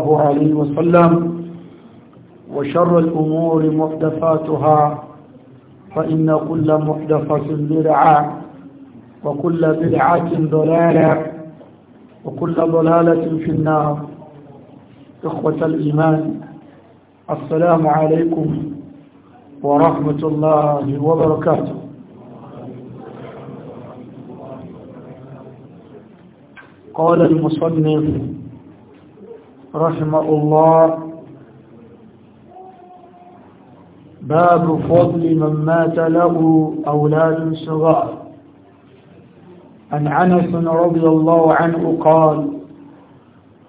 الله عليه وسلم وشر الأمور محدثاتها فإن كل محدثة بدعة وكل بدعة ضلالة وكل ضلالة في النار إخوة الإيمان السلام عليكم ورحمة الله وبركاته قال المصنف رحمه الله باب فضل من مات له أولاد صغار عن عنس رضي الله عنه قال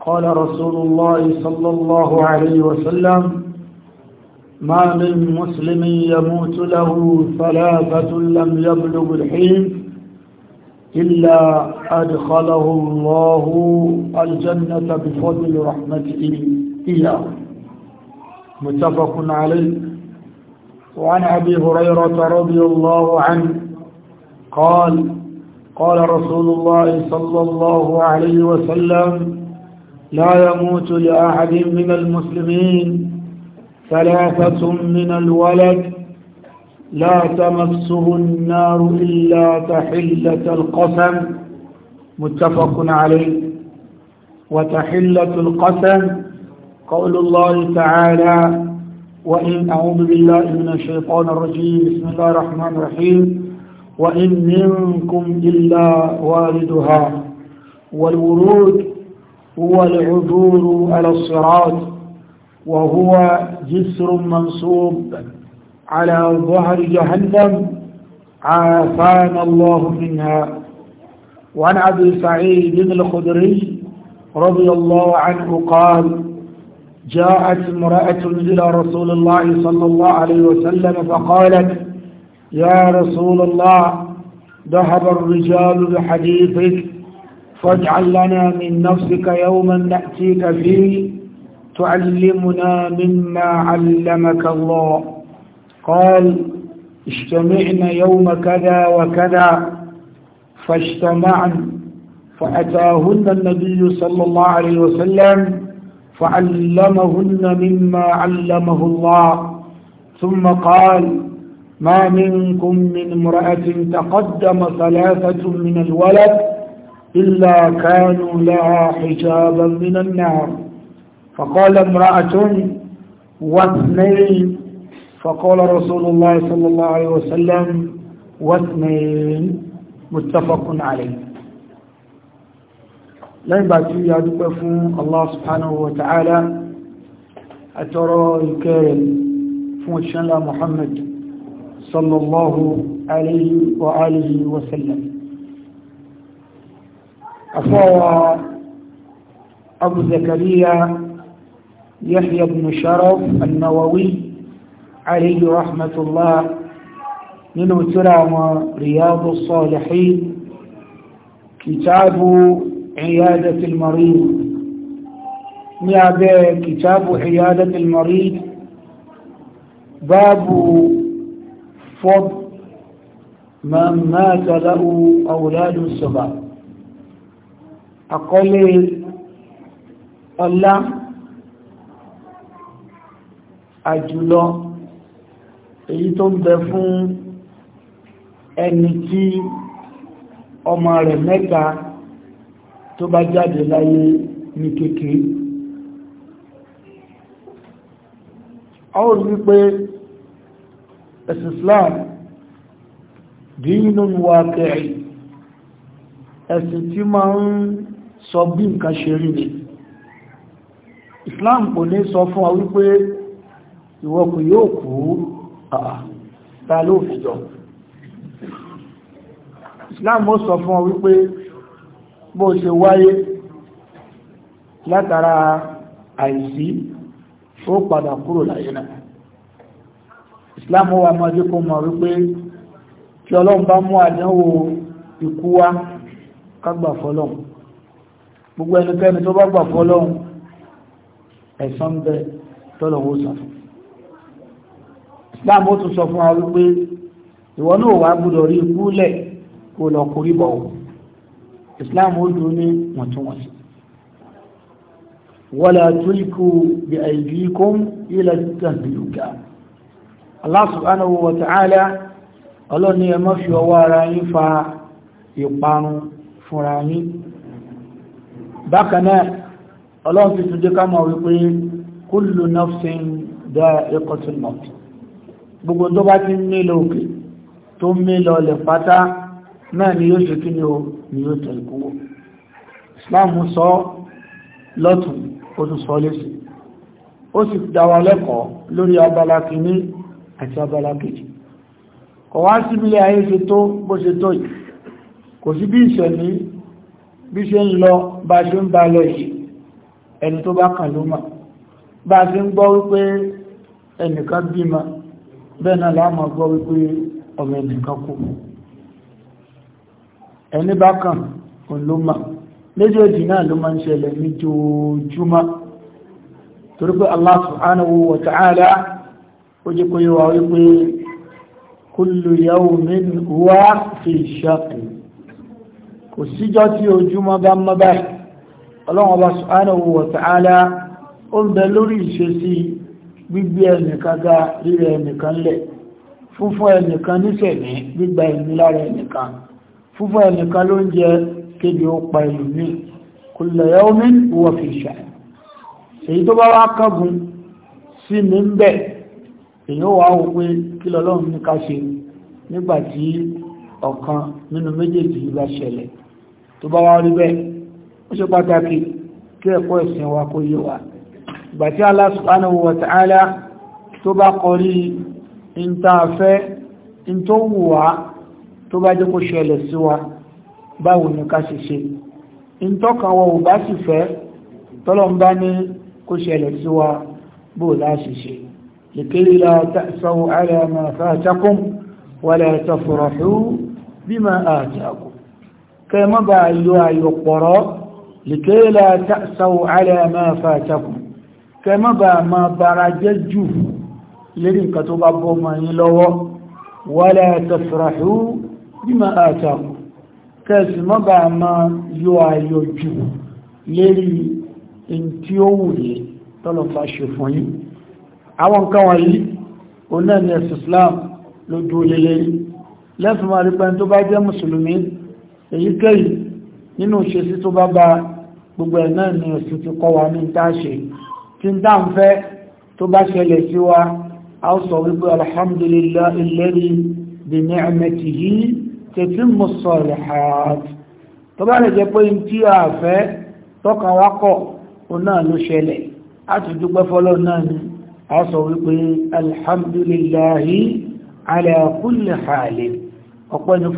قال رسول الله صلى الله عليه وسلم ما من مسلم يموت له ثلاثة لم يبلغ الحين إلا أدخله الله الجنة بفضل رحمته إلا متفق عليه وعن أبي هريرة رضي الله عنه قال قال رسول الله صلى الله عليه وسلم لا يموت لأحد من المسلمين ثلاثة من الولد لا تمسه النار إلا تحلة القسم متفق عليه وتحلة القسم قول الله تعالى وإن أعوذ بالله من الشيطان الرجيم بسم الله الرحمن الرحيم وإن منكم إلا والدها والورود هو العذور على الصراط وهو جسر منصوب على ظهر جهنم عافانا الله منها وعن أبي سعيد الخدري رضي الله عنه قال جاءت امرأة إلى رسول الله صلى الله عليه وسلم فقالت يا رسول الله ذهب الرجال بحديثك فاجعل لنا من نفسك يوما نأتيك فيه تعلمنا مما علمك الله قال اجتمعنا يوم كذا وكذا فاجتمعن فأتاهن النبي صلى الله عليه وسلم فعلمهن مما علمه الله ثم قال ما منكم من امرأة تقدم ثلاثة من الولد إلا كانوا لها حجابا من النار فقال امرأة واثنين فقال رسول الله صلى الله عليه وسلم واثنين متفق عليه لن بعد يا دكفون الله سبحانه وتعالى أترى الكارم فوشان لا محمد صلى الله عليه وآله وسلم أفوى أبو زكريا يحيى بن شرف النووي علي رحمة الله من ترام رياض الصالحين كتاب عيادة المريض نعبه كتاب عيادة المريض باب فض من مات له أولاد السبا أقول الله أجل الله èyí tó ń bẹ fún ẹni tí ọmọ rẹ̀ mẹ́ta tó bá jáde láyé ní kékeré ọwọ́ wípé ẹ̀sìn Islam dínú wa kẹrì ẹ̀sìn tí máa ń sọ bí nǹkan ṣe rí ni Islam kò ní sọ fún wa wípé ìwọ yóò kú Ah, ta ló fi jọ islam ó sọ fún ọ wípé bó ṣe wáyé látara àìsí ó padà kúrò láyé náà islam ó wà mọ́jú kó mọ̀ wípé tí ọlọ́run bá mú àdánwò ikú wá kágbà fọ́lọ́run gbogbo ẹnikẹ́ni tó bá gbà fọ́lọ́run ẹ̀san bẹ tọ́lọ̀wọ́ sàfún islam ó tún sọ fún wa wípé ìwọ náà wàá gbúdọ̀ rí ikú lẹ̀ kó lọ korí bọ̀ o islam ó dùn ní wọ̀ntúnwọ̀nsì wala tulku bi aydikum ila tahluka Allah subhanahu wa ta'ala ọlọ́ni ẹ má fi ọwọ́ ara yín fa ìparun fúnra yín bákanáà ọlọ́run ti tún jẹ́ ká mọ̀ wípé kullu nafsin dha'iqatul maut gbogbo tó bá ti mí lọ òkè tó mí lọ lẹ̀ pátá náà ni yóò ṣe kí ni o ni yóò tẹ̀ ìkúwò Islam sọ lọ́tún ó tún sọ lẹ́sì ó sì dá wa lẹ́kọ̀ọ́ lórí abala kìíní àti abala kejì kọ̀ wá síbílẹ̀ ayé ṣe tó bó ṣe tó yìí kò sí bí ìṣẹ̀mí bí ṣe ń lọ bá ṣe ń bá lọ yìí ẹni tó bá kàn ló mà bá ṣe ń gbọ́ wípé ẹnìkan bímọ bẹ́ẹ̀ náà láàmà gbọ́ wípé ọmọ ẹnìkan kú ẹni bá kàn òun ló mà méjèèjì náà ló máa ń ṣẹlẹ̀ níjòójúmọ́ torí pé Allah subhanahu wa ta'ala ó jẹ́ kó yé wa wípé kullu yawmin huwa fi shaqin kò síjọ́ tí ojúmọ́ bá mọ́ báyìí ọlọ́run ọba subhanahu wa ta'ala ó ń bẹ lórí ìṣesí gbígbé ẹnìkan ga rírẹ ẹnìkan lẹ̀ fúnfún ẹnìkan níṣẹ̀mí gbígba ẹ̀mí lára ẹnìkan fúnfún ẹnìkan ló ń jẹ kéde ó pa ẹlòmí kulla yawmin huwa fi sha'n èyí tó bá wá kángun sí mi ń bẹ̀ èyí ó wà ó pé kí lọ́lọ́run ní ká ṣe nígbàtí ọ̀kan nínú méjèèjì bá ṣẹlẹ̀ tó bá wá rí bẹ́ẹ̀ ó ṣe pàtàkì kí ẹ̀kọ́ ẹ̀sìn wa kó yé wa gbàtí Allah subhanahu wa ta'ala tó bá kọrí in ta fẹ́ in tó wùwá tó bá jẹ́ kó ṣẹlẹ̀ sí wa báwo ni ká ṣe ṣe in tó kan wọ́n bá sì fẹ́ tọ́lọ̀n bá ní kó ṣẹlẹ̀ sí wa bó láṣe ṣe likay la ta'saw ala ma fatakum wa la tafrahu bima atakum kẹ́ mọ́ bá yọ ayọ̀pọ̀rọ̀ likay la ta'saw ala ma fatakum kẹmọ́ bá ma bára jẹ́ jù lérí nǹkan tó bá bọ́ ma yí lọ́wọ́ wala tafrahu bima ataku kẹsì mọ́ bá ma yọ ayọ̀ jù lérí in tí ó wùye tọ́lọ̀fà ṣe fún yí àwọn nǹkan wọ̀nyí oná ni ẹ̀sì Islam ló dúó lélẹ́rí lẹ́fìmọ̀ àrípẹ́ tó bá jẹ́ mùsùlùmí èyíkéyìí nínú ìṣesí tó bá bá gbogbo ẹ̀ náà ni ẹ̀sì ti kọ́ wa ní táṣe tí ń dá ń fẹ́ tó bá ṣẹlẹ̀ sí wa a sọ wípé alhamdulillah alladhi bi ni'matihi tatimmu ssalihat tó bá lè jẹ́ pé ń tí a fẹ́ tọ́kàn wá kọ̀ ó náà ló ṣẹlẹ̀ a ti dúpẹ́ fọ́lọ́ náà ni alhamdulillahi ala kulli halin ọ̀pẹ́ ni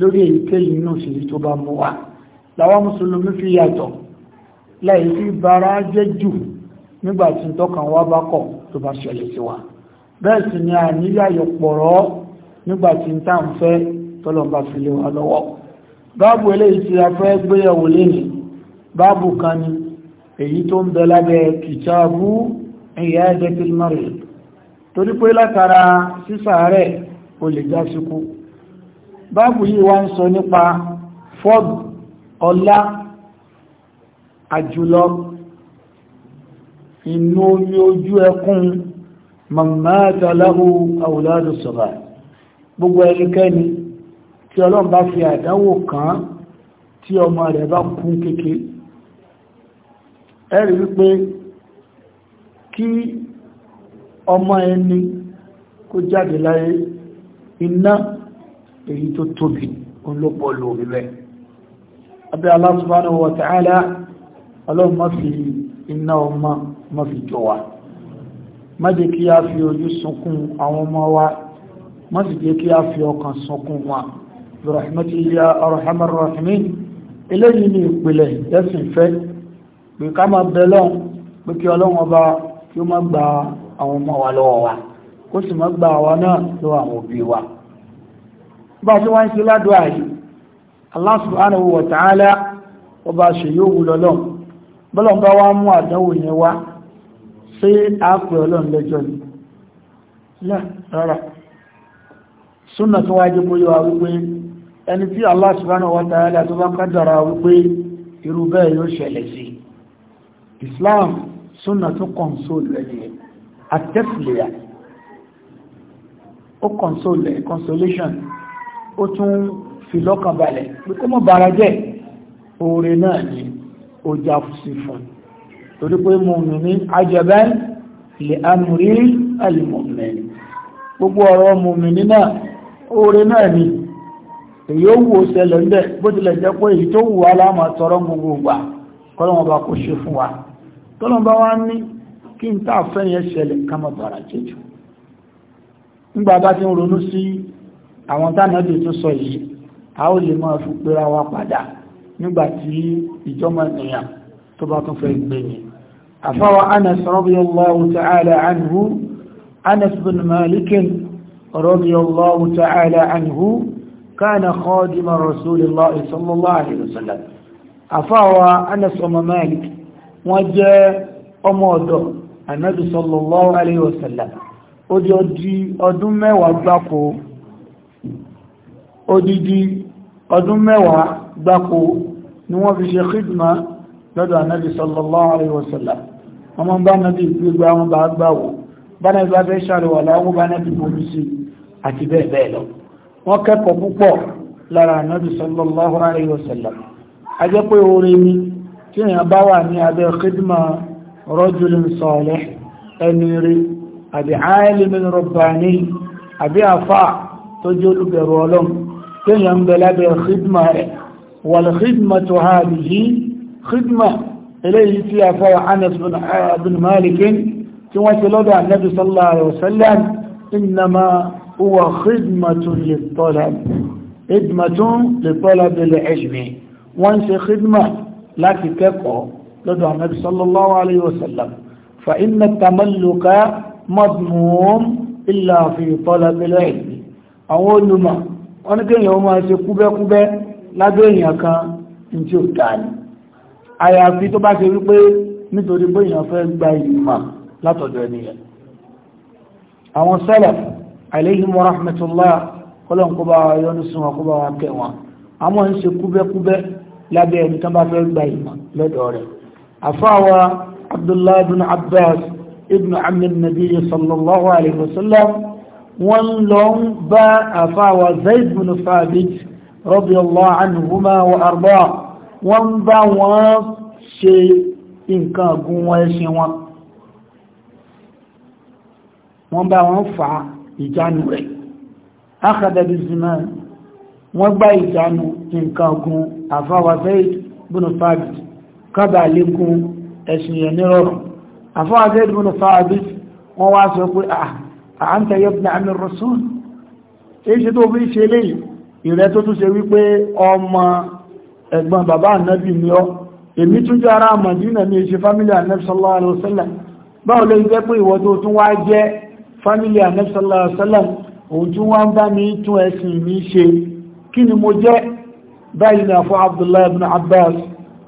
lórí èyíkéyìí inú òṣèlú tó bá mú wa láwọn mùsùlùmí fi yàtọ̀ láì sí jẹ́ jù nígbà tí tọ́kàn wá bá kọ̀ tó bá ṣẹlẹ̀ sí wa bẹ́ẹ̀ sì ni àníyàyọ̀ pọ̀rọ̀ nígbà tí ń tàn fẹ́ tọ́lọ̀mbà fi lè wà lọ́wọ́ báàbù eléyìí tí a fẹ́ gbéyàwó lẹ́nì báàbù kan ni èyí tó ń bẹ lábẹ́ kìtàbù ìyá ẹ̀dẹ́ tí mọ́rì torí pé látara sísàárẹ̀ o lè já síkú báàbù yìí wá ń sọ nípa fọ́ọ̀bù ọlá àjùlọ inú omi ojú ẹkún mamata lahu awladu sọ̀rọ̀ gbogbo ẹnikẹ́ni tí ọlọ́run bá fi àdánwò kàn tí ọmọ rẹ̀ bá kú kéke ẹ̀rí wípé kí ọmọ ẹni kó jáde láyé iná èyí tó tóbi olópọ̀lò orílẹ̀ abẹ́ Allah subhanahu wa má fi iná ọmọ má fi jọ wa má jẹ́ kí a fi ojú sunkún àwọn ọmọ wa má sì jẹ́ kí a fi ọkàn sunkún wa rahmatu ya arhamar rahimin eléyìí ni ìpìlẹ̀ ẹ̀sìn fẹ́ pé ká máa bẹ lọ́n pé kí ọlọ́run ọba kí ó má gba àwọn ọmọ wa lọ́wọ́ wa kó sì má gba àwa náà lọ́wọ́ àwọn òbí wa bá tí wọ́n ń ṣe ládùá yìí Allah subhanahu wa ọba ṣe yóò wù lọ́lọ́n bọ́lọ́n bá wá mú àdánwò yẹn wá ṣé àpẹ ọlọ́run lẹ́jọ́ ni rárá súnà tó wájú mú yíwa wípé ẹni tí Allah subhanahu wa ta'ala tó bá kádàrà wípé irú bẹ́ẹ̀ yóò ṣẹlẹ̀ sí Islam súnà tó ẹni àtẹ́fìlẹ̀yà ó ẹ̀ consolation ó tún fi lọ́kàn pé kó mọ́ bàrá jẹ́ torí pé mùmìnì ajẹ́bẹ́ lè amúrí alìmọ̀mìnì gbogbo ọ̀rọ̀ mùmìnì náà oore naa ni eyi ó wù ó ṣẹlẹ̀ ń bẹ̀ bó tilẹ̀ jẹ́ pé èyí tó wù aláàmà tọrọ wa tọ́lọ́wọ́n bá wá n a ó lè máa fi pera wa أفوى أنس رضي الله تعالى عنه أنس بن مالك رضي الله تعالى عنه كان خادم رسول الله صلى الله عليه وسلم أفوى أنس أم مالك وجاء أموده النبي صلى الله عليه وسلم odidi ọdún mẹ́wàá gbáko odidi ọdún mẹ́wàá gbáko ni wọ́n fi ṣe khidma lọ́dọ̀ ọmọ bá nàbí gbogbo àwọn bá gbàwò bá nàbí bá fẹ́ ṣàrẹwà láwọn bá nàbí bomi sí àti bẹ́ẹ̀ bẹ́ẹ̀ lọ wọ́n kẹ́kọ̀ọ́ púpọ̀ lára nàbí sallallahu alayhi wa sallam a jẹ́ pé orin ni tí èèyàn bá wà ní abẹ́ khidma rajulin tó jẹ́ olùbẹ̀rù ọlọ́run eléyìí tí a fọ́wà Anas bin Malikin tí wọ́n ti lọ́dọ̀ annabi sallallahu alaihi wasallam innama huwa khidmatun lit-talab khidmatun lit-talab al-ilmi wọ́n ṣe khidma láti kẹ́kọ̀ọ́ lọ́dọ̀ annabi sallallahu alaihi wasallam fa inna at-tamalluka madmum illa fi talab al-ilm àwọn olùmọ̀ wọ́n ní kéèyàn máa ṣe kúbẹ́kúbẹ́ lábẹ́ èèyàn kan ní tí ó àyàfi tó bá ṣe wípé nítorí pé èèyàn fẹ́ gba ìmọ̀ látọ̀dọ̀ ènìyàn àwọn salaf alayhim wa rahmatullah kọ́lọ̀n kó bá yọ́nú sí wọn kó bá wọn kẹ́ wọn àmọ́ ń ṣe kúbẹ́kúbẹ́ lábẹ́ ẹni tán bá fẹ́ gba ìmọ̀ lọ́dọ̀ rẹ̀ àfáwa abdullahi ibn abbas ibn amir nabi sallallahu alayhi wa sallam wọ́n lọ ń bá àfáwa zayd bin thabit radiyallahu anhuma wa ardaa wọ́n ń bá wọn ṣe nǹkan ọ̀gùn wọn ẹṣin wọn wọ́n bá wọn fa ìjánu rẹ̀ akadabi zina wọ́n gbá ìjánu nǹkan ọ̀gùn àfáwàfẹ́ ìbùnú fàbí kábà lékún ẹ̀sìn yẹn nírọ̀rùn àfáwàfẹ́ ìbùnú fàbí wọ́n wá sọ pé à ń bí àmì rọ̀sùn èyí ṣe tó fi ṣe léyìí ìrẹ́ tó tún ṣe wípé ọmọ ẹ̀gbọ́n bàbá ànábì ni ọ́ èmi tún jẹ́ ara Mádínà ní ṣe fámílì ànábì sallallahu alaihi wasallam báwo lè jẹ́ pé ìwọ tó tún wá jẹ́ fámílì ànábì sallallahu alaihi wasallam òun tún wá ń bá mi tún ẹ̀sìn mi ṣe kí ni mo jẹ́ báyìí ni àfọ́ Abdullahi ibn Abbas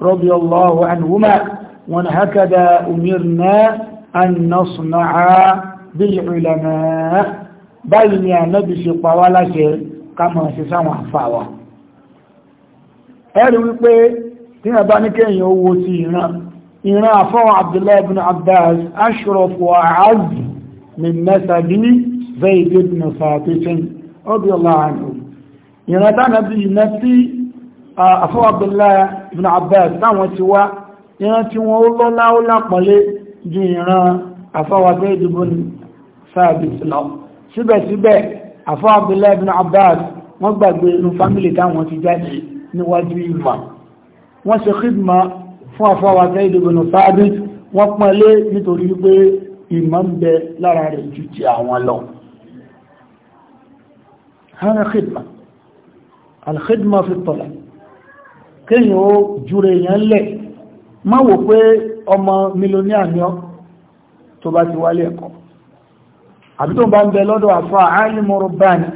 radiyallahu anhuma wọn hakada umirna an nasna'a bil ulama báyìí ni ànábì ṣe pa láṣẹ ká máa ṣe sáwọn àfà ẹ̀rí wípé tí ẹ̀bá ní kéèyàn owó ti ìran ìran àfọ́wọ́ Abdullahi ibn Abbas ashraf wa a'azz min nasabi Zayd ibn Thabit radiyallahu anhu ìran tánàbí iná tí àfọ́wọ́ Abdullahi ibn Abbas táwọn ti wá ìran tí wọ́n lọ́lá ó lápọ̀lé ju ìran àfọ́wọ́ Zayd ibn Thabit lọ síbẹ̀síbẹ̀ àfọ́wọ́ Abdullahi ibn Abbas wọ́n gbàgbé inú fámílì táwọn ti jáde níwájú ìmà wọ́n ṣe khidma fún àfáwà Zaid ibn Thabit wọ́n pọ́nlé nítorí wípé ìmọ̀ ń bẹ lára rẹ̀ ju ti àwọn lọ hana khidma alkhidma fi talab kéyàn jure èèyàn lẹ̀ má wò pé ọmọ mílíọ̀nìyà ni ọ́ tó bá ti wálé ẹ̀kọ́ àbí tó bá ń bẹ lọ́dọ̀ àfáà alimu rubbani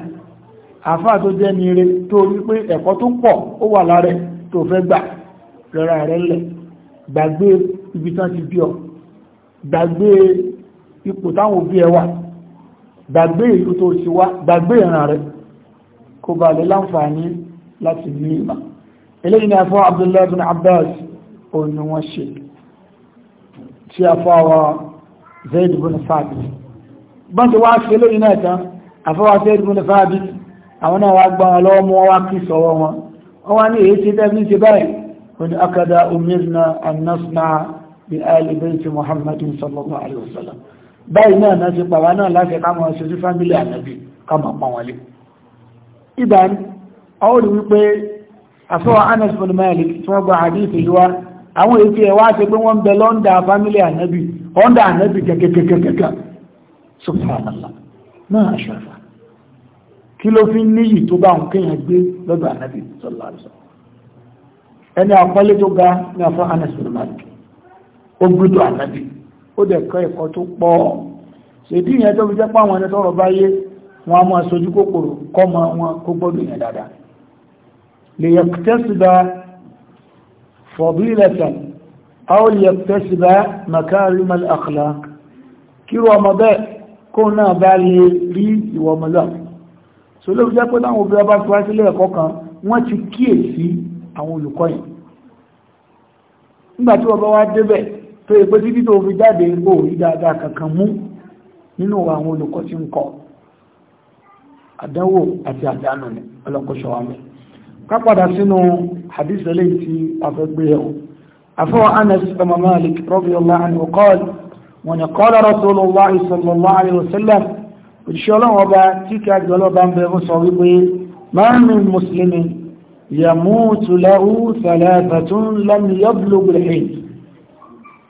àfáà tó jẹ́ ní ire tó rí pé ẹ̀kọ́ tó pọ̀ ó wà lára tó fẹ́ gbà rẹra rẹ lẹ̀ gbàgbé ibi tán ti bí ọ gbàgbé ipò táwọn òbí ẹ wà gbàgbé ìlú tó ti wá gbàgbé ìran rẹ kó bà lè láǹfààní láti ní ìmà eléyìí ni afọ́ Abdullahi bin Abbas òun ni wọ́n ṣe tí afọ́ wa Zaid bin Thabit bọ́n ti wá ṣe eléyìí náà tán afọ́ wa Zaid bin Thabit àwọn náà wá gbọ́n lọ́wọ́ mú wá kí sọ́wọ́ wọn wọ́n wá ní èyí ti dẹ́bí ti báyìí wọ́n ni akada umirna annasna bi ali bayti muhammadin sallallahu alaihi wasallam báyìí náà náà ti pàwá náà láti káwọn ṣe sí fámílì ànàbì káwọn pa wọn lé ibà ọwọ́ rí wípé àfọwọ́ anas bin malik tí wọ́n gba hadith yìí wá àwọn èyí tí ẹ wá ṣe pé wọ́n bẹ lọ́ndà fámílì ànàbì ọ̀ndà ànàbì kẹkẹkẹkẹkẹ subhanallah náà aṣọ́fà kí ló fi níyì tó bá òun kéèyàn gbé lọ́dọ̀ ànábì sallallahu alaihi wasallam ẹni àpọ́lé tó ga ní afọ́ Anas bin Malik ó gbúdọ̀ ànábì ó dẹ̀ kọ́ ẹ̀kọ́ tó pọ̀ ṣèdí ìyẹn tó fi jẹ́ páwọn ẹni tọ́rọ̀ bá yé wọn a máa sojú kòkòrò kọ́ mọ wọn kó gbọ́dọ̀ yẹn dáadáa lè yẹ̀kùtẹ́sìbá fadilatan aw yẹ̀kùtẹ́sìbá makarimal akhlaq kí wọ́n mọ̀ bẹ́ẹ̀ kó náà bá lè rí ìwọ̀mọ̀lọ́pù so ló jẹ́ pé láwọn obìnrin bá fúra sílé kan won ti kie si olùkọ́ yẹn nígbàtí wọ́n bá wa débẹ̀ to yẹ pé títí tó fi jáde ó rí dáadáa kankan mú nínú àwọn olùkọ́ tí ń kọ́ àdánwò àti àdánù ni ọlọ́kọ̀ṣọ́ wa mẹ́ ká padà sínú hadith eléyìí anas malik radiyallahu anhu qala wa qala rasulullah òṣìṣẹ́ ọlọ́run ọba tí kí àjọ ọlọ́ba ń bẹ̀rún sọ wípé márùn-ún mùsùlùmí yàmúùtù láhú sàlẹ́sàtún lámì yọ́bùlógún ẹ̀yìn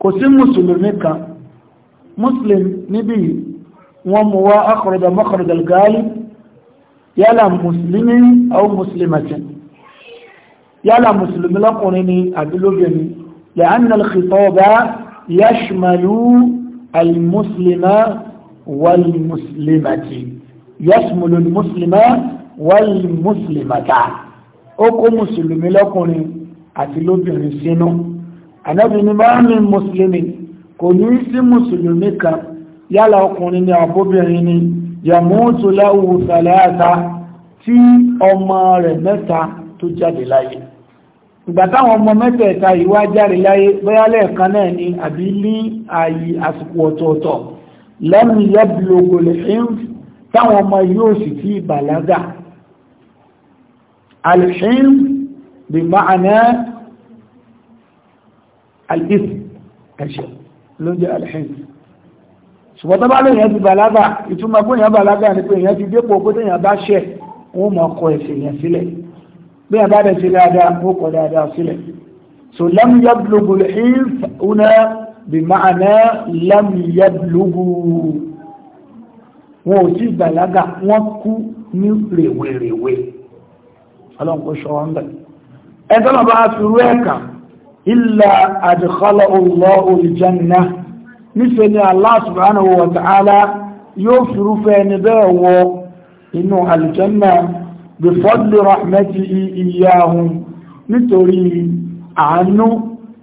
kò sí mùsùlùmí kan mùsùlùmí níbi wọn mú wá akọrọdà mọ́kọrọdà gáálì yálà mùsùlùmí àwọn mùsùlùmí yálà mùsùlùmí lọ́kùnrin al-muslima wàlmùsùlùmàtì yasmulu mùsùlùmá wàlmùsùlùmàtà ó kó mùsùlùmí lọ́kùnrin àti lóbìnrin sínú ànábì ní máa ní mùsùlùmí kò ní sí mùsùlùmí kan yálà ọkùnrin ni àbóbìnrin ni yàmúùtù láwù sàlẹ́àta tí ọmọ rẹ̀ mẹ́ta tó jáde láyé ìgbà táwọn ọmọ mẹ́tẹ̀ẹ̀ta ìwá jáde láyé bóyá lẹ́ẹ̀kan náà ni àbí ní ààyè àsìkò ọ̀tọ̀ọ̀tọ̀ lẹ́nu yẹ́bùlógò lè ṣínf táwọn ọmọ yóò sì tí ìbàlágà alṣínf bí ma'ana alif ẹ̀ṣẹ̀ ló jẹ́ alṣínf ṣùgbọ́n tó bá lè yẹn ti bàlágà ìtumọ̀ pé èèyàn bàlágà ni pé èèyàn ti dépò pé téèyàn bá ṣẹ̀ wọ́n mọ̀ kọ ẹ̀ṣẹ̀ yẹn sílẹ̀ bí èèyàn bá dẹ̀ ṣe dáadáa wọ́n kọ dáadáa sílẹ̀ so lẹ́nu yẹ́bùlógò lè ṣínf bìmáàná lámìyàblógù wọn ò tí bàlágà wọ́n kú ní rèwerèwe ọlọ́nkó ṣọ́wọ́n bẹ̀ ẹgbẹ́ bàbá àfirú ẹ̀kà ilà àdìkọ́lọ̀ olùlọ́ olùjẹ́nà níṣẹ́ ni Allah subhanahu wa ta'ala yóò firúfẹ́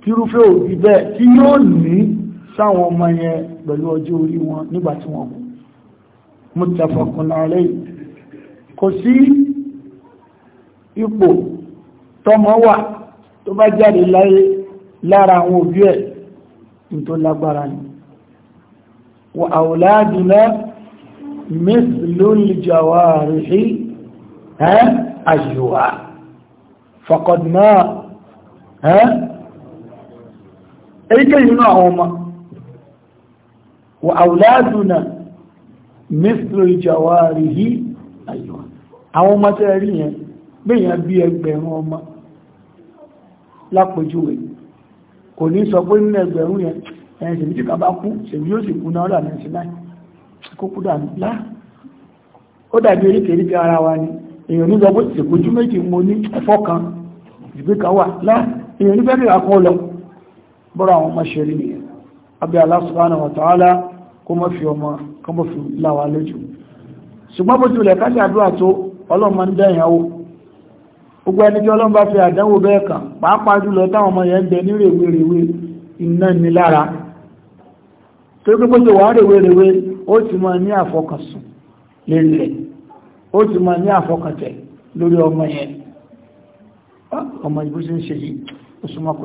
kírúfẹ́ òbí bẹ́ẹ̀ tí yóò ní sáwọn ọmọ yẹn pẹ̀lú ọjọ́ orí wọn nígbà tí wọ́n kú muttafaqun alayhi kò sí ipò tọmọ wà tó bá jáde láyé lára àwọn òbí ẹ̀ tó lágbára ni wa awladina mislul jawarihi ẹ́ àjùwà faqadna ẹ́ èyíkéyìí inú àwọn ọmọ wà àwùládùnà mẹ́sìlò ìjàwárí yí àyọ̀ àwọn ọmọ tẹ́ rí yẹn gbìyàn bí ẹgbẹ̀rún ọmọ lápòjúwẹ̀ kò ní sọ pé nínú ẹgbẹ̀rún yẹn ẹ̀yìn ṣèbí tí kàbá kú ṣèbí yóò sì kú náà rà 99 kókú dà bọ́rọ̀ wọn ọmọ ṣe rí nìyẹn abẹ́ Allah subhanahu wa ta'ala kó fi ọmọ kó fi láwà lójú ṣùgbọ́n bó tilẹ̀ ká ṣàdúrà tó ọlọ́mọ ń dẹ̀yàn o gbogbo ẹni pàápàá jùlọ ọmọ ti ti ọmọ yẹn ọmọ ń ṣe yìí ó súnmọ́ kó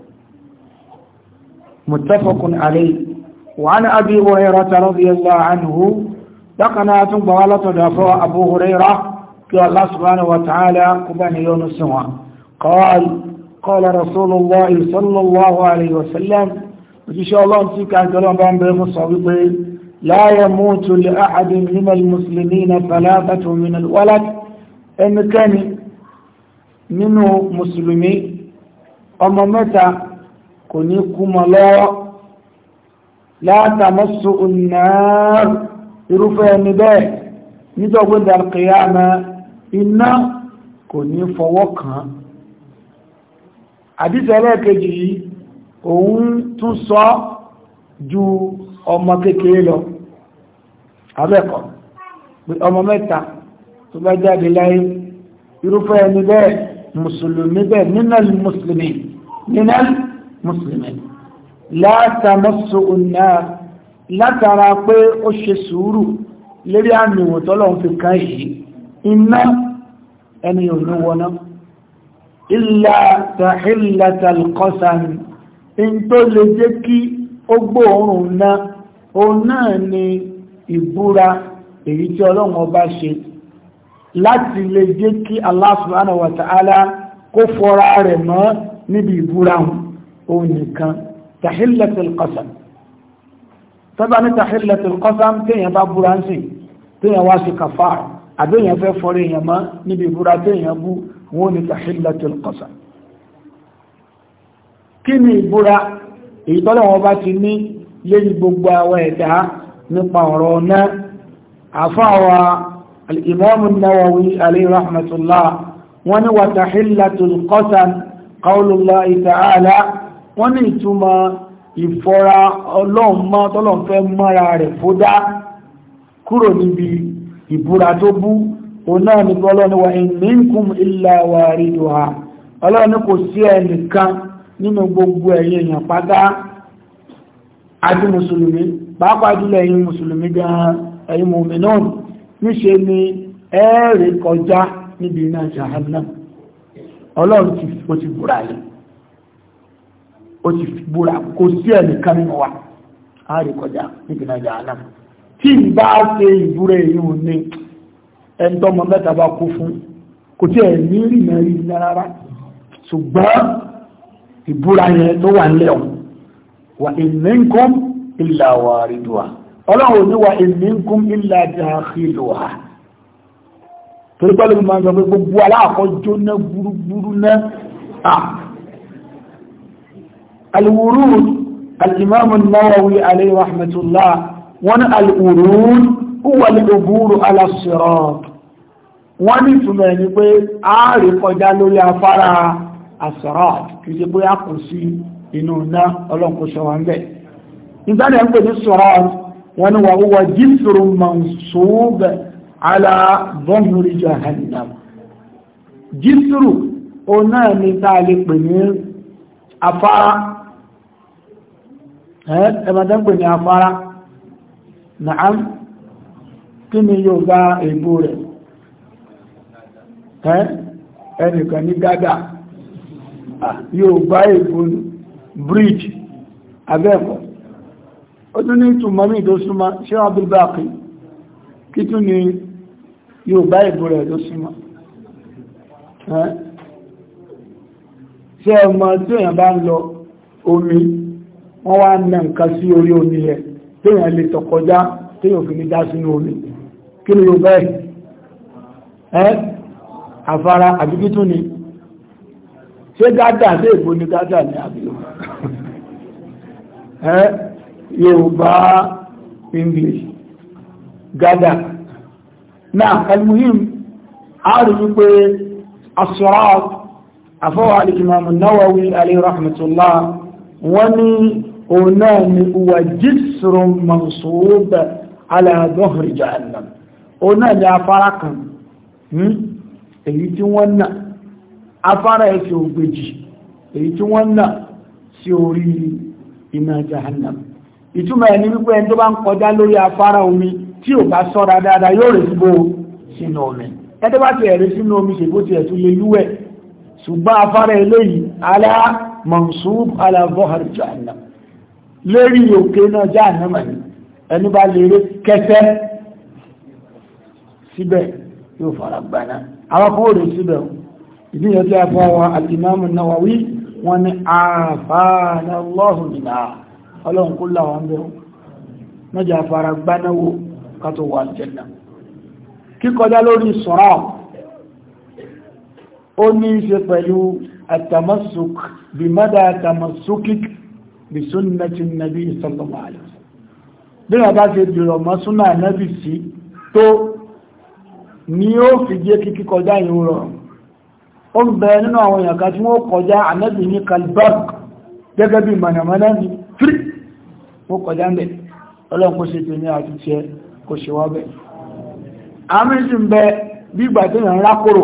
متفق عليه وعن أبي هريرة رضي الله عنه لقنا تنبغلة دافع أبو هريرة قال الله سبحانه وتعالى قبان يونس قال قال رسول الله صلى الله عليه وسلم إن شاء الله نسيك عن كلام بان بهم لا يموت لأحد من المسلمين ثلاثة من الولد إن كان منه مسلمي أما متى kò ní kú mọ́ lọ́wọ́ látàmọ́sù ìnáàr irúfẹ́ ẹni bẹ́ẹ̀ nítọ́gbé dàrkìyàmà iná kò ní fọwọ́ kàn àdísẹ́ ẹlẹ́ẹ̀kejì yìí òun tún sọ ju ọmọ kékeré lọ abẹ́kọ̀ pé ọmọ mẹ́ta tó bá jáde láyé irúfẹ́ ẹni bẹ́ẹ̀ mùsùlùmí bẹ́ẹ̀ nínú mùsùlùmí nínú mùsùlùmí látàmọ́sọ ònà látara pé ó ṣe sùúrù lérí àmì ìwòtọ́lọ̀ fi kan yìí iná ẹni òní wọná ìlà tàhílàtàlùkọ́sàn in tó lè jẹ́ kí ó gbóòórùn náà òun náà ni ìbúra èyí tí ọlọ́run ọba ṣe láti lè jẹ́ kí Allah subhanahu kó fọ́ra rẹ̀ mọ́ níbi ìbúra hùn òun nìkan tahillatul qasam tọ́ba ní tahillatul qasam téèyàn bá búra ń sìn téèyàn wá sí kàfáà àbẹ́yàn fẹ́ fọ́rẹ́ èèyàn mọ́ níbi ìbúra téèyàn bú wọn ni tahillatul qasam kí ni ìbúra èyí wọn bá ti ní léyìn gbogbo àwọn ẹ̀dá nípa ọ̀rọ̀ náà àfáwà al-Imam an-Nawawi alayhi rahmatullah wọn ni wa tahillatul qasam qawlullahi ta'ala wọ́n ní ìtumọ̀ ìfọ́ra ọlọ́run mọ́ tọ́lọ́run rẹ̀ kúrò níbi ìbúra tó bú ọ̀nà ọlọ́run wa in minkum illa wariduha ọlọ́run kò sí ẹnìkan nínú gbogbo ẹ̀yin èèyàn pátá níṣe ni ẹ̀ẹ́rẹ̀ kọjá níbi iná ó ti búra kò sí ẹnìkan nínú wa a rí kọjá níbi nàìjà àná tí n bá ṣe ìbúra èyí ò ní ẹni tó ọmọ mẹ́ta bá kú fún kò tí ẹ̀ ní rí náà rí náà rárá ṣùgbọ́n ìbúra yẹn tó wà nílẹ̀ ọ̀hún wà ìmínkùn ìlà wàrídùá ọlọ́run ní wà ìmínkùn ìlà jàǹkìlùwà torí mi máa ń sọ pé gbogbo aláàkọ́jọ́ náà gbúrúgbúrú náà ah, الورود الإمام النووي عليه رحمة الله وأن الورود هو العبور على الصراط wọ́n ní ìtumọ̀ ẹni pé a rí kọjá lórí afárá as-sirat kìí ṣe pé a kò sí inú iná ọlọ́nkò ṣọwọ́ ń bẹ̀. ìtàdé ń pè ní sirat wọ́n ní wà wúwọ́ jisrun mansub ala jahannam jisru o ní tá lè pè ní afárá ẹ̀mọ̀dẹ́gbè ni afárá na'am kí ni yóò bá èbó rẹ̀ ẹnìkan ní gádà yóò bá èbó bridge abẹ́ẹ̀kọ́ ó tún ní túnmọ́ mí tó súnmọ́ ṣe abúlbáàkì kí tún ni yóò bá èbó rẹ̀ tó ṣe ọmọ tí èèyàn bá ń lọ omi wọ́n wá nẹ nǹkan sí orí omi yẹ téèyàn lè tọ̀kọjá téèyàn fi ní dá sínú omi kí ni yóò bẹ́ẹ̀ ẹ́ afárá àbíkítún ni ṣé gádà sí ègbò ni gádà ní àbíyọ ẹ́ Yorùbá English gádà náà almuhim a rí wípé asọ́rọ̀ afọ́wà alìkìmọ̀ Nawawi wọ́n òun náà ni ìwà jísùrùn mọ̀sùwọ́bẹ̀ aláàdọ́hùrì jahannam òun náà ni afárá kan hmm, èyí tí wọ́n nà afárá ẹ̀sẹ̀ ògbèjì èyí tí wọ́n nà sí orí iná jahannam ìtumọ̀ ẹni wípé ẹni tó bá ń kọjá lórí afárá omi tí ò bá sọ́ra dáadáa yóò rẹ̀ síbò sínú omi ẹni bá ti jahannam lérí òkè náà já ànámà ní ẹni bá lèrè kẹsẹ́ síbẹ̀ yóò fara gbaná àwọn kan ó rè síbẹ̀ ìdí yẹn tí a fọ́ àwọn alìmọ́mù Nawawi wọn ni àfàànà lọ́hùn nìlá ọlọ́run kó láwọn bẹ̀rù mẹ́jọ fara gbaná wo kátó wà jẹ́nà kíkọjá lórí sọ̀rọ̀ ó ní ṣe pẹ̀lú àtàmásùk bí mọ́dá àtàmásùkìkì bí sunnati nabi sallallahu alaihi wasallam bí wọ́n bá ṣe dìrọ̀ mọ́ súnà nabi sí tó ni ó fi jẹ́ kí kíkọjá yìí rọrùn ó ń bẹ nínú àwọn èèyàn kan tí wọ́n kọjá ànábì ní kalbark gẹ́gẹ́ bí mọ̀nàmọ́ná ní fírí wọ́n kọjá ń bẹ̀ ọlọ́run kó ṣe tó ní àti ṣe àmì sì ń bẹ bí ìgbà tí rákòrò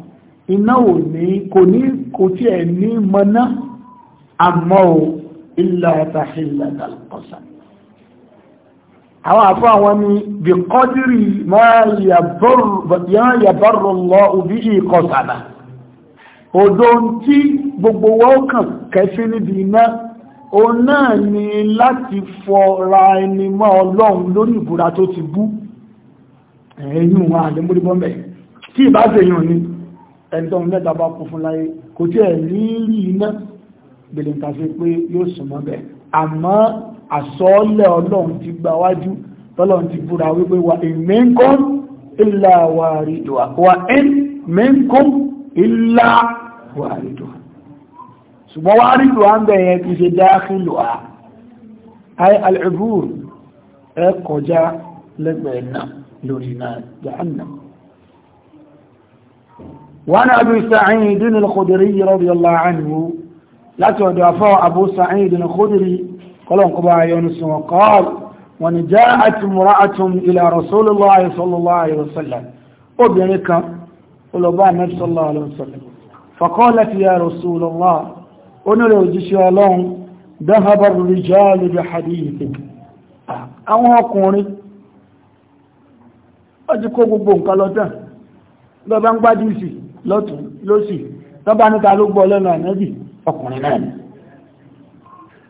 iná ò ní kò ní kò tí ẹ̀ ní mọ́ná àmọ́ ò ilẹ̀ àtàhìlẹ̀ àtàlùkọ́sà àwọn àfọ́ àwọn ni bí kọ́dírì máa yàbọ̀rọ̀ lọ òbí ìkọsàdà odò tí gbogbo wọ́n kàn kẹfí níbi iná o náà ni láti fọ́ra ẹni mọ́ ọlọ́run lórí ìbúra tó ti bú ẹ̀yìn wọn àdẹ́múrí bọ́m̀bẹ̀ tí ìbá ni ẹ̀ntọ́n mẹ́ta bá kú fún láyé kò tí ẹ̀ rí rí iná bèlè tàfi pé yóò súnmọ́ bẹ̀ àmọ́ àsọ́ọ́lẹ̀ ọlọ́run ti gba wájú tọ́lọ́run ti búra wípé wà ìmẹ́ńkọ́m ìlà wàrídùá wà ìmẹ́ńkọ́m ìlà wàrídùá ṣùgbọ́n wàrídùá ń bẹ̀ yẹn ti ṣe dáhìlùá وعن أبي سعيد الخدري رضي الله عنه لا تدافع أبو سعيد الخدري قالوا قبا يونس وقال وان جاءت امرأة إلى رسول الله صلى الله عليه وسلم أبنك قلوا النبي صلى الله عليه وسلم فقالت يا رسول الله أنه جشي الله ذهب الرجال بحديثك àwọn ọkùnrin ó ti kó gbogbo nǹkan lọ́tàn lọ́bá ń gbájú lọ́tún lọ́sì tọ́bá níta ló gbọ́ lẹ́nu ànábì ọkùnrin náà ni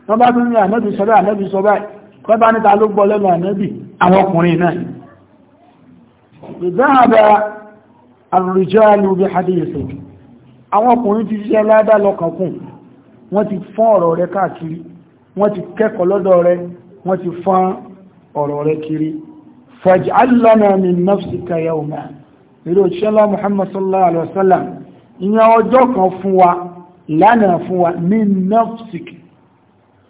tọ́bá tún ní ànábì sọ́dọ̀ ànábì sọ báyìí tọ́bá níta ló gbọ́ lẹ́nu ànábì àwọn ọkùnrin náà ni ìdáhàbà ar-rijalu bi hadith àwọn ọkùnrin ti ṣiṣẹ́ ládá lọ́kàn kùn wọ́n ti fọ́n ọ̀rọ̀ rẹ káàkiri wọ́n ti kẹ́kọ̀ọ́ lọ́dọ̀ rẹ wọ́n ti fọ́n ọ̀rọ̀ rẹ kiri faj'al lana min nafsika yawman eré òṣìṣẹ́lá muhammad sallallahu alaihi wasallam ọjọ́ kan fún wa ìlànà fún wa ní nafsik